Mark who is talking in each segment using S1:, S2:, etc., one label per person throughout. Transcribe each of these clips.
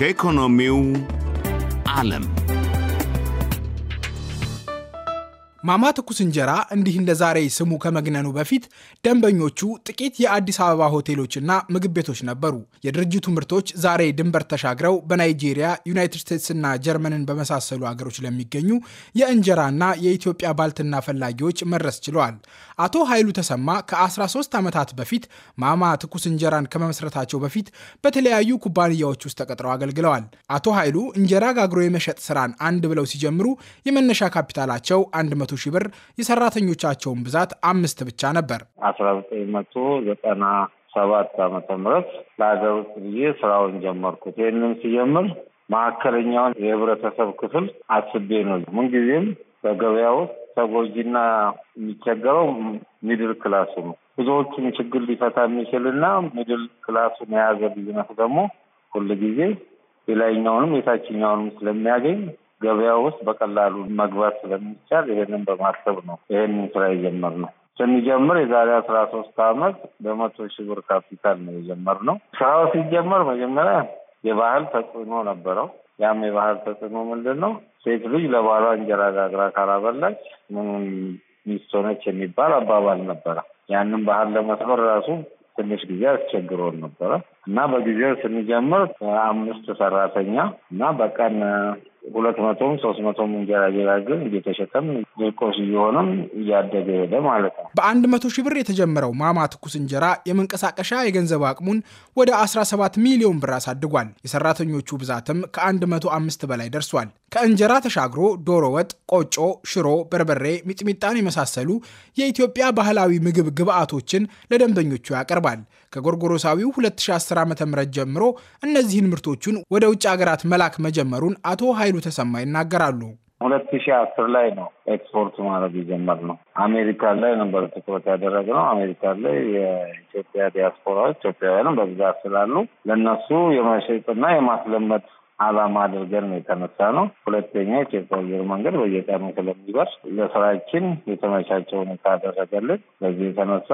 S1: ከኢኮኖሚው ዓለም ማማ ትኩስ እንጀራ እንዲህ እንደ ዛሬ ስሙ ከመግነኑ በፊት ደንበኞቹ ጥቂት የአዲስ አበባ ሆቴሎችና ምግብ ቤቶች ነበሩ። የድርጅቱ ምርቶች ዛሬ ድንበር ተሻግረው በናይጄሪያ፣ ዩናይትድ ስቴትስና ጀርመንን በመሳሰሉ አገሮች ለሚገኙ የእንጀራና የኢትዮጵያ ባልትና ፈላጊዎች መድረስ ችለዋል። አቶ ኃይሉ ተሰማ ከ13 ዓመታት በፊት ማማ ትኩስ እንጀራን ከመመስረታቸው በፊት በተለያዩ ኩባንያዎች ውስጥ ተቀጥረው አገልግለዋል። አቶ ኃይሉ እንጀራ ጋግሮ የመሸጥ ስራን አንድ ብለው ሲጀምሩ የመነሻ ካፒታላቸው 1 መቶ ሺህ ብር የሰራተኞቻቸውን ብዛት አምስት ብቻ ነበር።
S2: አስራ ዘጠኝ መቶ ዘጠና ሰባት ዓመተ ምህረት ለሀገር ውስጥ ብዬ ስራውን ጀመርኩት። ይህንም ሲጀምር መካከለኛውን የህብረተሰብ ክፍል አስቤ ነው። ምንጊዜም በገበያ ውስጥ ተጎጂና የሚቸገረው ሚድል ክላሱ ነው። ብዙዎቹን ችግር ሊፈታ የሚችልና ሚድል ክላሱን የያዘ ቢዝነስ ደግሞ ሁልጊዜ የላይኛውንም የታችኛውንም ስለሚያገኝ ገበያ ውስጥ በቀላሉ መግባት ስለሚቻል ይሄንን በማሰብ ነው ይሄንን ስራ የጀመርነው። ስንጀምር የዛሬ አስራ ሶስት አመት በመቶ ሺህ ብር ካፒታል ነው የጀመርነው። ስራው ሲጀመር መጀመሪያ የባህል ተጽዕኖ ነበረው። ያም የባህል ተጽዕኖ ምንድን ነው? ሴት ልጅ ለባሏ እንጀራ ጋግራ ካላበላች ምን ሚስት ሆነች የሚባል አባባል ነበረ። ያንን ባህል ለመስበር ራሱ ትንሽ ጊዜ አስቸግሮን ነበረ እና በጊዜው ስንጀምር አምስት ሰራተኛ እና በቀን ሁለት መቶም ሶስት መቶም እንጀራ እየጋገር እየተሸከም ቁርስ እየሆነም እያደገ ሄደ ማለት ነው።
S1: በአንድ መቶ ሺህ ብር የተጀመረው ማማ ትኩስ እንጀራ የመንቀሳቀሻ የገንዘብ አቅሙን ወደ 17 ሚሊዮን ብር አሳድጓል። የሰራተኞቹ ብዛትም ከ105 በላይ ደርሷል። ከእንጀራ ተሻግሮ ዶሮ ወጥ፣ ቆጮ፣ ሽሮ፣ በርበሬ፣ ሚጥሚጣን የመሳሰሉ የኢትዮጵያ ባህላዊ ምግብ ግብዓቶችን ለደንበኞቹ ያቀርባል። ከጎርጎሮሳዊው 2010 ዓ ም ጀምሮ እነዚህን ምርቶቹን ወደ ውጭ ሀገራት መላክ መጀመሩን አቶ ኃይሉ ተሰማ ይናገራሉ።
S2: ሁለት ሺህ አስር ላይ ነው ኤክስፖርት ማድረግ የጀመርነው። አሜሪካን ላይ ነበር ትኩረት ያደረግነው። አሜሪካን ላይ የኢትዮጵያ ዲያስፖራዎች ኢትዮጵያውያንም በብዛት ስላሉ ለእነሱ የመሸጥና የማስለመድ ዓላማ አድርገን ነው የተነሳ ነው። ሁለተኛ ኢትዮጵያ አየር መንገድ በየቀኑ ስለሚደርስ ለስራችን የተመቻቸውን ሁኔታ አደረገልን። በዚህ የተነሳ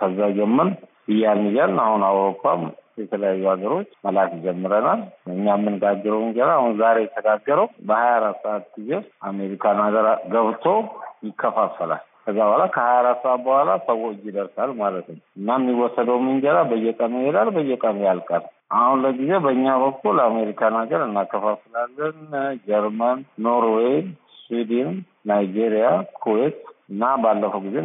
S2: ከዛ ጀምር እያልን እያልን አሁን አውሮፓም የተለያዩ ሀገሮች መላክ ጀምረናል። እኛ የምንጋግረው እንጀራ አሁን ዛሬ የተጋገረው በሀያ አራት ሰዓት ጊዜ አሜሪካን ሀገር ገብቶ ይከፋፈላል። ከዛ በኋላ ከሀያ አራት ሰዓት በኋላ ሰዎች ይደርሳል ማለት ነው እና የሚወሰደውም እንጀራ በየቀኑ ይሄዳል፣ በየቀኑ ያልቃል። አሁን ለጊዜ በእኛ በኩል አሜሪካን ሀገር እናከፋፍላለን። ጀርመን፣ ኖርዌይ፣ ስዊድን፣ ናይጄሪያ፣ ኩዌት እና ባለፈው ጊዜ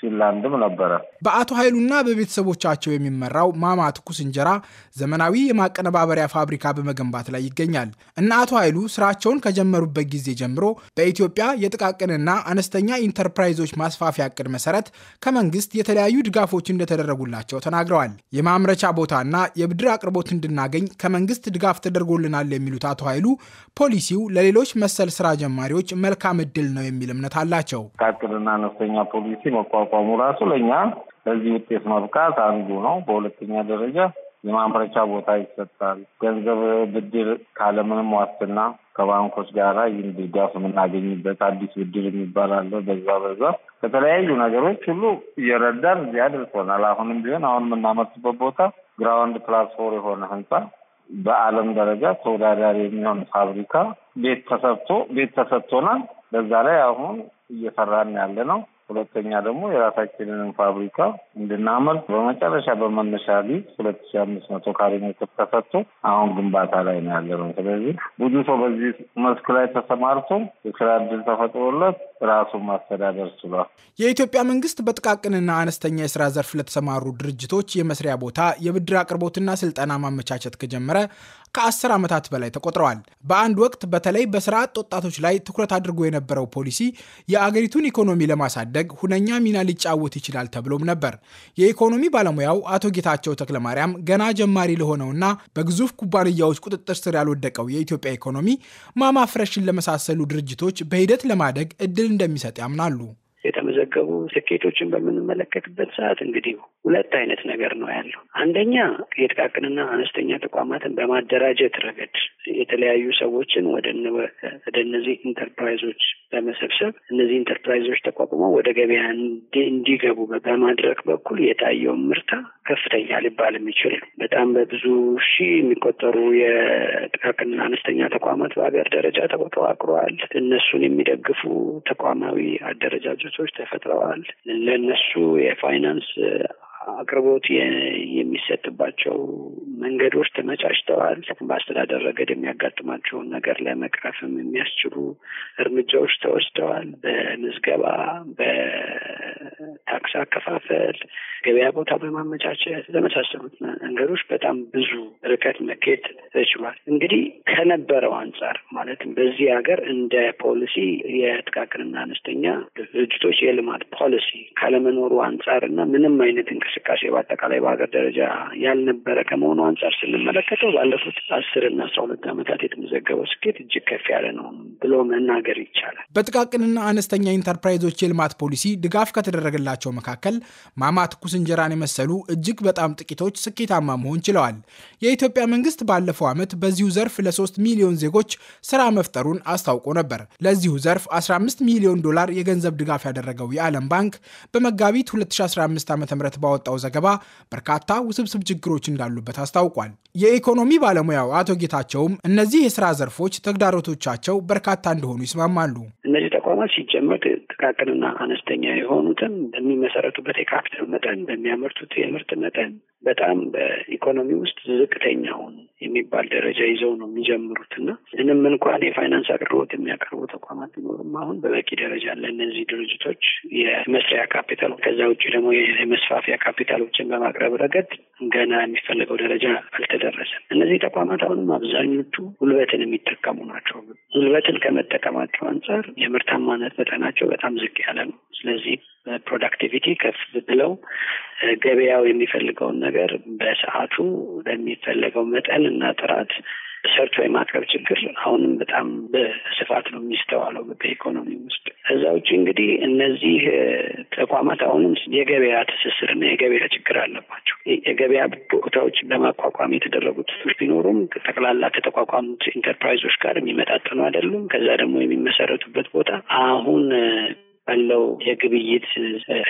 S2: ፊንላንድም ነበረ።
S1: በአቶ ኃይሉና በቤተሰቦቻቸው የሚመራው ማማ ትኩስ እንጀራ ዘመናዊ የማቀነባበሪያ ፋብሪካ በመገንባት ላይ ይገኛል። እነ አቶ ኃይሉ ስራቸውን ከጀመሩበት ጊዜ ጀምሮ በኢትዮጵያ የጥቃቅንና አነስተኛ ኢንተርፕራይዞች ማስፋፊያ እቅድ መሰረት ከመንግስት የተለያዩ ድጋፎች እንደተደረጉላቸው ተናግረዋል። የማምረቻ ቦታና የብድር አቅርቦት እንድናገኝ ከመንግስት ድጋፍ ተደርጎልናል የሚሉት አቶ ኃይሉ ፖሊሲው ለሌሎች መሰል ስራ ጀማሪዎች መልካም እድል ነው የሚል እምነት አላቸው።
S2: ጥቃቅንና አነስተኛ ፖሊሲ መቋቋም መቋቋሙ ራሱ ለእኛ ለዚህ ውጤት መብቃት አንዱ ነው። በሁለተኛ ደረጃ የማምረቻ ቦታ ይሰጣል። ገንዘብ ብድር ካለምንም ዋስትና ከባንኮች ጋር ይህን ድጋፍ የምናገኝበት አዲስ ብድር የሚባል አለ። በዛ በዛ ከተለያዩ ነገሮች ሁሉ እየረዳን እዚህ አድርሶናል። አሁንም ቢሆን አሁን የምናመርትበት ቦታ ግራውንድ ፕላስ ፎር የሆነ ህንፃ በዓለም ደረጃ ተወዳዳሪ የሚሆን ፋብሪካ ቤት ተሰጥቶ ቤት ተሰጥቶናል። በዛ ላይ አሁን እየሰራን ያለ ነው። ሁለተኛ ደግሞ የራሳችንንም ፋብሪካ እንድናመርት በመጨረሻ በመነሻ ሊዝ ሁለት ሺ አምስት መቶ ካሬ ሜትር ተሰጥቶ አሁን ግንባታ ላይ ነው ያለ ነው። ስለዚህ ብዙ ሰው በዚህ መስክ ላይ ተሰማርቶ የስራ እድል ተፈጥሮለት ራሱን ማስተዳደር
S1: ችሏል። የኢትዮጵያ መንግስት በጥቃቅንና አነስተኛ የስራ ዘርፍ ለተሰማሩ ድርጅቶች የመስሪያ ቦታ የብድር አቅርቦትና ስልጠና ማመቻቸት ከጀመረ ከአስር ዓመታት በላይ ተቆጥረዋል። በአንድ ወቅት በተለይ በስራ አጥ ወጣቶች ላይ ትኩረት አድርጎ የነበረው ፖሊሲ የአገሪቱን ኢኮኖሚ ለማሳደግ ሁነኛ ሚና ሊጫወት ይችላል ተብሎም ነበር። የኢኮኖሚ ባለሙያው አቶ ጌታቸው ተክለማርያም ገና ጀማሪ ለሆነውና በግዙፍ ኩባንያዎች ቁጥጥር ስር ያልወደቀው የኢትዮጵያ ኢኮኖሚ ማማፍረሽን ለመሳሰሉ ድርጅቶች በሂደት ለማደግ እድል እንደሚሰጥ ያምናሉ።
S3: የተመዘገቡ ስኬቶችን በምንመለከትበት ሰዓት እንግዲህ ሁለት አይነት ነገር ነው ያለው። አንደኛ የጥቃቅንና አነስተኛ ተቋማትን በማደራጀት ረገድ የተለያዩ ሰዎችን ወደ እነዚህ ኢንተርፕራይዞች በመሰብሰብ እነዚህ ኢንተርፕራይዞች ተቋቁመው ወደ ገበያ እንዲገቡ በማድረግ በኩል የታየውን ምርታ ከፍተኛ ሊባል የሚችል ነው። በጣም በብዙ ሺህ የሚቆጠሩ የጥቃቅንና አነስተኛ ተቋማት በሀገር ደረጃ ተዋቅረዋል። እነሱን የሚደግፉ ተቋማዊ አደረጃጀቶች ተፈጥረዋል። ለእነሱ የፋይናንስ አቅርቦት የሚሰጥባቸው መንገዶች ተመቻችተዋል። በአስተዳደር ረገድ የሚያጋጥማቸውን ነገር ለመቅረፍም የሚያስችሉ እርምጃዎች ተወስደዋል። በምዝገባ፣ በታክስ አከፋፈል፣ ገበያ ቦታ በማመቻቸት ለመሳሰሉት መንገዶች በጣም ብዙ ርቀት መኬድ ተችሏል። እንግዲህ ከነበረው አንጻር ማለትም በዚህ ሀገር እንደ ፖሊሲ የጥቃቅንና አነስተኛ ድርጅቶች የልማት ፖሊሲ ካለመኖሩ አንጻር እና ምንም አይነት እንቅስቃሴ እንቅስቃሴ በአጠቃላይ በሀገር ደረጃ ያልነበረ ከመሆኑ አንጻር ስንመለከተው ባለፉት አስር እና አስራ ሁለት ዓመታት የተመዘገበው ስኬት እጅግ ከፍ ያለ ነው ብሎ መናገር ይቻላል።
S1: በጥቃቅንና አነስተኛ ኢንተርፕራይዞች የልማት ፖሊሲ ድጋፍ ከተደረገላቸው መካከል ማማ ትኩስ እንጀራን የመሰሉ እጅግ በጣም ጥቂቶች ስኬታማ መሆን ችለዋል። የኢትዮጵያ መንግስት ባለፈው ዓመት በዚሁ ዘርፍ ለሶስት ሚሊዮን ዜጎች ስራ መፍጠሩን አስታውቆ ነበር። ለዚሁ ዘርፍ 15 ሚሊዮን ዶላር የገንዘብ ድጋፍ ያደረገው የዓለም ባንክ በመጋቢት 2015 ዓ ም ያወጣው ዘገባ በርካታ ውስብስብ ችግሮች እንዳሉበት አስታውቋል። የኢኮኖሚ ባለሙያው አቶ ጌታቸውም እነዚህ የስራ ዘርፎች ተግዳሮቶቻቸው በርካታ እንደሆኑ ይስማማሉ።
S3: እነዚህ ተቋማት ሲጀመር ጥቃቅንና አነስተኛ የሆኑትን በሚመሰረቱበት የካፒታል መጠን፣ በሚያመርቱት የምርት መጠን በጣም በኢኮኖሚ ውስጥ ዝቅተኛውን የሚባል ደረጃ ይዘው ነው የሚጀምሩት እና ምንም እንኳን የፋይናንስ አቅርቦት የሚያቀርቡ ተቋማት ቢኖርም አሁን በበቂ ደረጃ ለእነዚህ ድርጅቶች የመስሪያ ካፒታል፣ ከዛ ውጭ ደግሞ የመስፋፊያ ካፒታሎችን በማቅረብ ረገድ ገና የሚፈለገው ደረጃ አልተደረሰም። እነዚህ ተቋማት አሁንም አብዛኞቹ ጉልበትን የሚጠቀሙ ናቸው። ጉልበትን ከመጠቀማቸው አንጻር የምርታማነት መጠናቸው በጣም ዝቅ ያለ ነው። ስለዚህ ፕሮዳክቲቪቲ ከፍ ብለው ገበያው የሚፈልገውን ነገር በሰዓቱ በሚፈለገው መጠን እና ጥራት ሰርቶ የማቅረብ ችግር አሁንም በጣም በስፋት ነው የሚስተዋለው በኢኮኖሚ ውስጥ። እዛ ውጭ እንግዲህ እነዚህ ተቋማት አሁንም የገበያ ትስስርና የገበያ ችግር አለባቸው። የገበያ ቦታዎች ለማቋቋም የተደረጉት ቢኖሩም ጠቅላላ ከተቋቋሙት ኢንተርፕራይዞች ጋር የሚመጣጠኑ አይደሉም። ከዛ ደግሞ የሚመሰረቱበት ቦታ አሁን ያለው የግብይት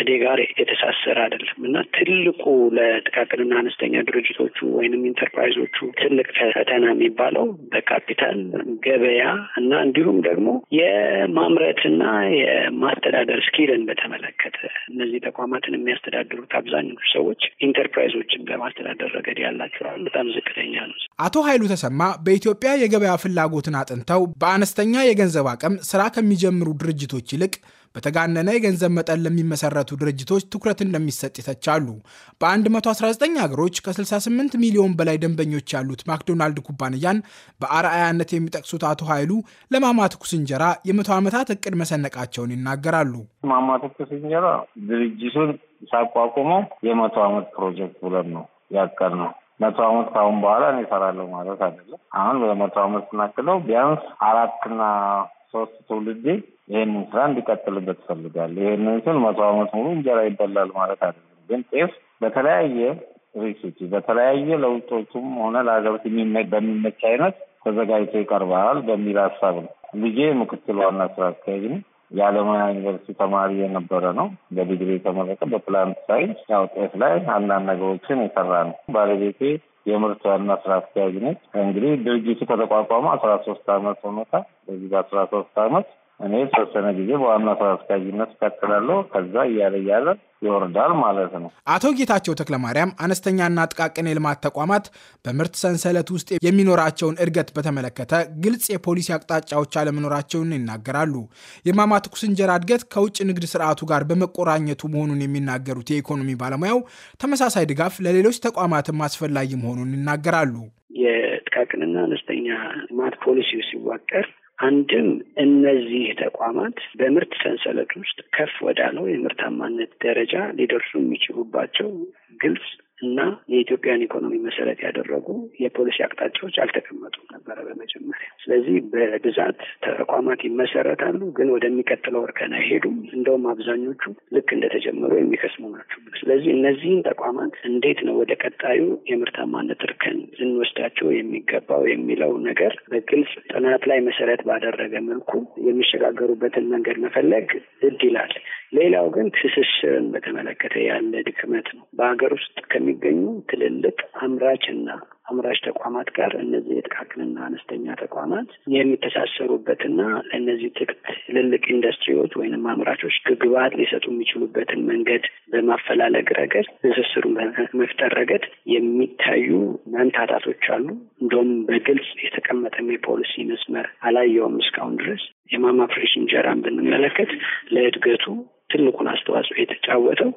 S3: እዴ ጋር የተሳሰረ አይደለም እና ትልቁ ለጥቃቅንና አነስተኛ ድርጅቶቹ ወይንም ኢንተርፕራይዞቹ ትልቅ ፈተና የሚባለው በካፒታል ገበያ እና እንዲሁም ደግሞ የማምረትና የማስተዳደር ስኪልን በተመለከተ እነዚህ ተቋማትን የሚያስተዳድሩት አብዛኞቹ ሰዎች ኢንተርፕራይዞችን በማስተዳደር ረገድ ያላቸዋል በጣም ዝቅተኛ ነው።
S1: አቶ ኃይሉ ተሰማ በኢትዮጵያ የገበያ ፍላጎትን አጥንተው በአነስተኛ የገንዘብ አቅም ስራ ከሚጀምሩ ድርጅቶች ይልቅ በተጋነነ የገንዘብ መጠን ለሚመሰረቱ ድርጅቶች ትኩረት እንደሚሰጥ ይተቻሉ። በ119 ሀገሮች ከ68 ሚሊዮን በላይ ደንበኞች ያሉት ማክዶናልድ ኩባንያን በአርአያነት የሚጠቅሱት አቶ ኃይሉ ለማማትኩስ እንጀራ የመቶ ዓመታት እቅድ መሰነቃቸውን ይናገራሉ።
S2: ማማ እንጀራ ድርጅቱን ሳቋቁመው የመቶ ዓመት ፕሮጀክት ብለን ነው ያቀር ነው መቶ ዓመት ከአሁን በኋላ እኔ እሰራለሁ ማለት አይደለም። አሁን በመቶ አመት ስናክለው ቢያንስ አራትና ሶስት ትውልዴ ይህንን ስራ እንዲቀጥልበት ይፈልጋል። ይህንን ስል መቶ አመት ሙሉ እንጀራ ይበላል ማለት አይደለም። ግን ጤፍ በተለያየ ሪሲፒ በተለያየ ለውጦቹም ሆነ ለሀገሪቱ በሚመች አይነት ተዘጋጅቶ ይቀርባል በሚል ሀሳብ ነው። ልጄ ምክትል ዋና ስራ አስኪያጅ ነው። የአለማያ ዩኒቨርሲቲ ተማሪ የነበረ ነው። በዲግሪ የተመረቀ በፕላንት ሳይንስ ያው ጤፍ ላይ አንዳንድ ነገሮችን የሰራ ነው። ባለቤቴ የምርት ዋና ስራ አስኪያጅ ነች። እንግዲህ ድርጅቱ ከተቋቋመ አስራ ሶስት አመት ሆኖታል። በዚህ በአስራ ሶስት አመት እኔ የተወሰነ ጊዜ በዋና ስራ አስኪያጅነት እቀጥላለሁ። ከዛ እያለ እያለ ይወርዳል ማለት ነው።
S1: አቶ ጌታቸው ተክለማርያም አነስተኛና ጥቃቅን የልማት ተቋማት በምርት ሰንሰለት ውስጥ የሚኖራቸውን እድገት በተመለከተ ግልጽ የፖሊሲ አቅጣጫዎች አለመኖራቸውን ይናገራሉ። የማማ ትኩስ እንጀራ እድገት ከውጭ ንግድ ስርዓቱ ጋር በመቆራኘቱ መሆኑን የሚናገሩት የኢኮኖሚ ባለሙያው ተመሳሳይ ድጋፍ ለሌሎች ተቋማትም አስፈላጊ መሆኑን ይናገራሉ።
S3: የጥቃቅንና አነስተኛ ልማት ፖሊሲው ሲዋቀር አንድም እነዚህ ተቋማት በምርት ሰንሰለት ውስጥ ከፍ ወዳለው የምርታማነት ደረጃ ሊደርሱ የሚችሉባቸው ግልጽ እና የኢትዮጵያን ኢኮኖሚ መሰረት ያደረጉ የፖሊሲ አቅጣጫዎች አልተቀመጡም ነበረ በመጀመሪያ። ስለዚህ በብዛት ተቋማት ይመሰረታሉ፣ ግን ወደሚቀጥለው እርከን አይሄዱም። እንደውም አብዛኞቹ ልክ እንደተጀመሩ የሚከስሙ ናቸው። ስለዚህ እነዚህን ተቋማት እንዴት ነው ወደ ቀጣዩ የምርታማነት እርከን ልንወስዳቸው የሚገባው የሚለው ነገር በግልጽ ጥናት ላይ መሰረት ባደረገ መልኩ የሚሸጋገሩበትን መንገድ መፈለግ እድ ይላል። ሌላው ግን ትስስርን በተመለከተ ያለ ድክመት ነው በሀገር ውስጥ ከሚ ከሚገኙ ትልልቅ አምራችና አምራች ተቋማት ጋር እነዚህ የጥቃቅንና አነስተኛ ተቋማት የሚተሳሰሩበትና ለእነዚህ ትልልቅ ኢንዱስትሪዎች ወይንም አምራቾች ግግባት ሊሰጡ የሚችሉበትን መንገድ በማፈላለግ ረገድ ትስስሩን በመፍጠር ረገድ የሚታዩ መምታታቶች አሉ። እንደውም በግልጽ የተቀመጠም የፖሊሲ መስመር አላየውም እስካሁን ድረስ። የማማ ፍሬሽ እንጀራን ብንመለከት ለእድገቱ ትልቁን አስተዋጽኦ የተጫወተው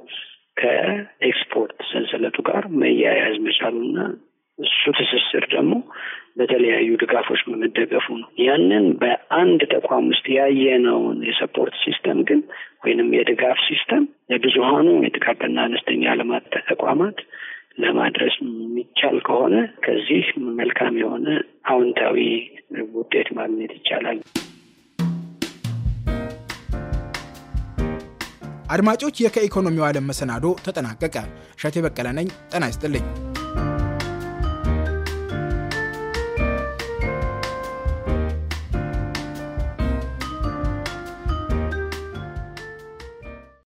S3: ከኤክስፖርት ሰንሰለቱ ጋር መያያዝ መቻሉና እሱ ትስስር ደግሞ በተለያዩ ድጋፎች መደገፉ ነው። ያንን በአንድ ተቋም ውስጥ ያየነውን የሰፖርት ሲስተም ግን ወይንም የድጋፍ ሲስተም የብዙሀኑ የጥቃቅንና አነስተኛ ልማት ተቋማት ለማድረስ የሚቻል ከሆነ ከዚህ መልካም የሆነ አዎንታዊ ውጤት ማግኘት
S1: ይቻላል። አድማጮች፣ የከኢኮኖሚው ዓለም መሰናዶ ተጠናቀቀ። እሸቴ በቀለ ነኝ። ጤና ይስጥልኝ።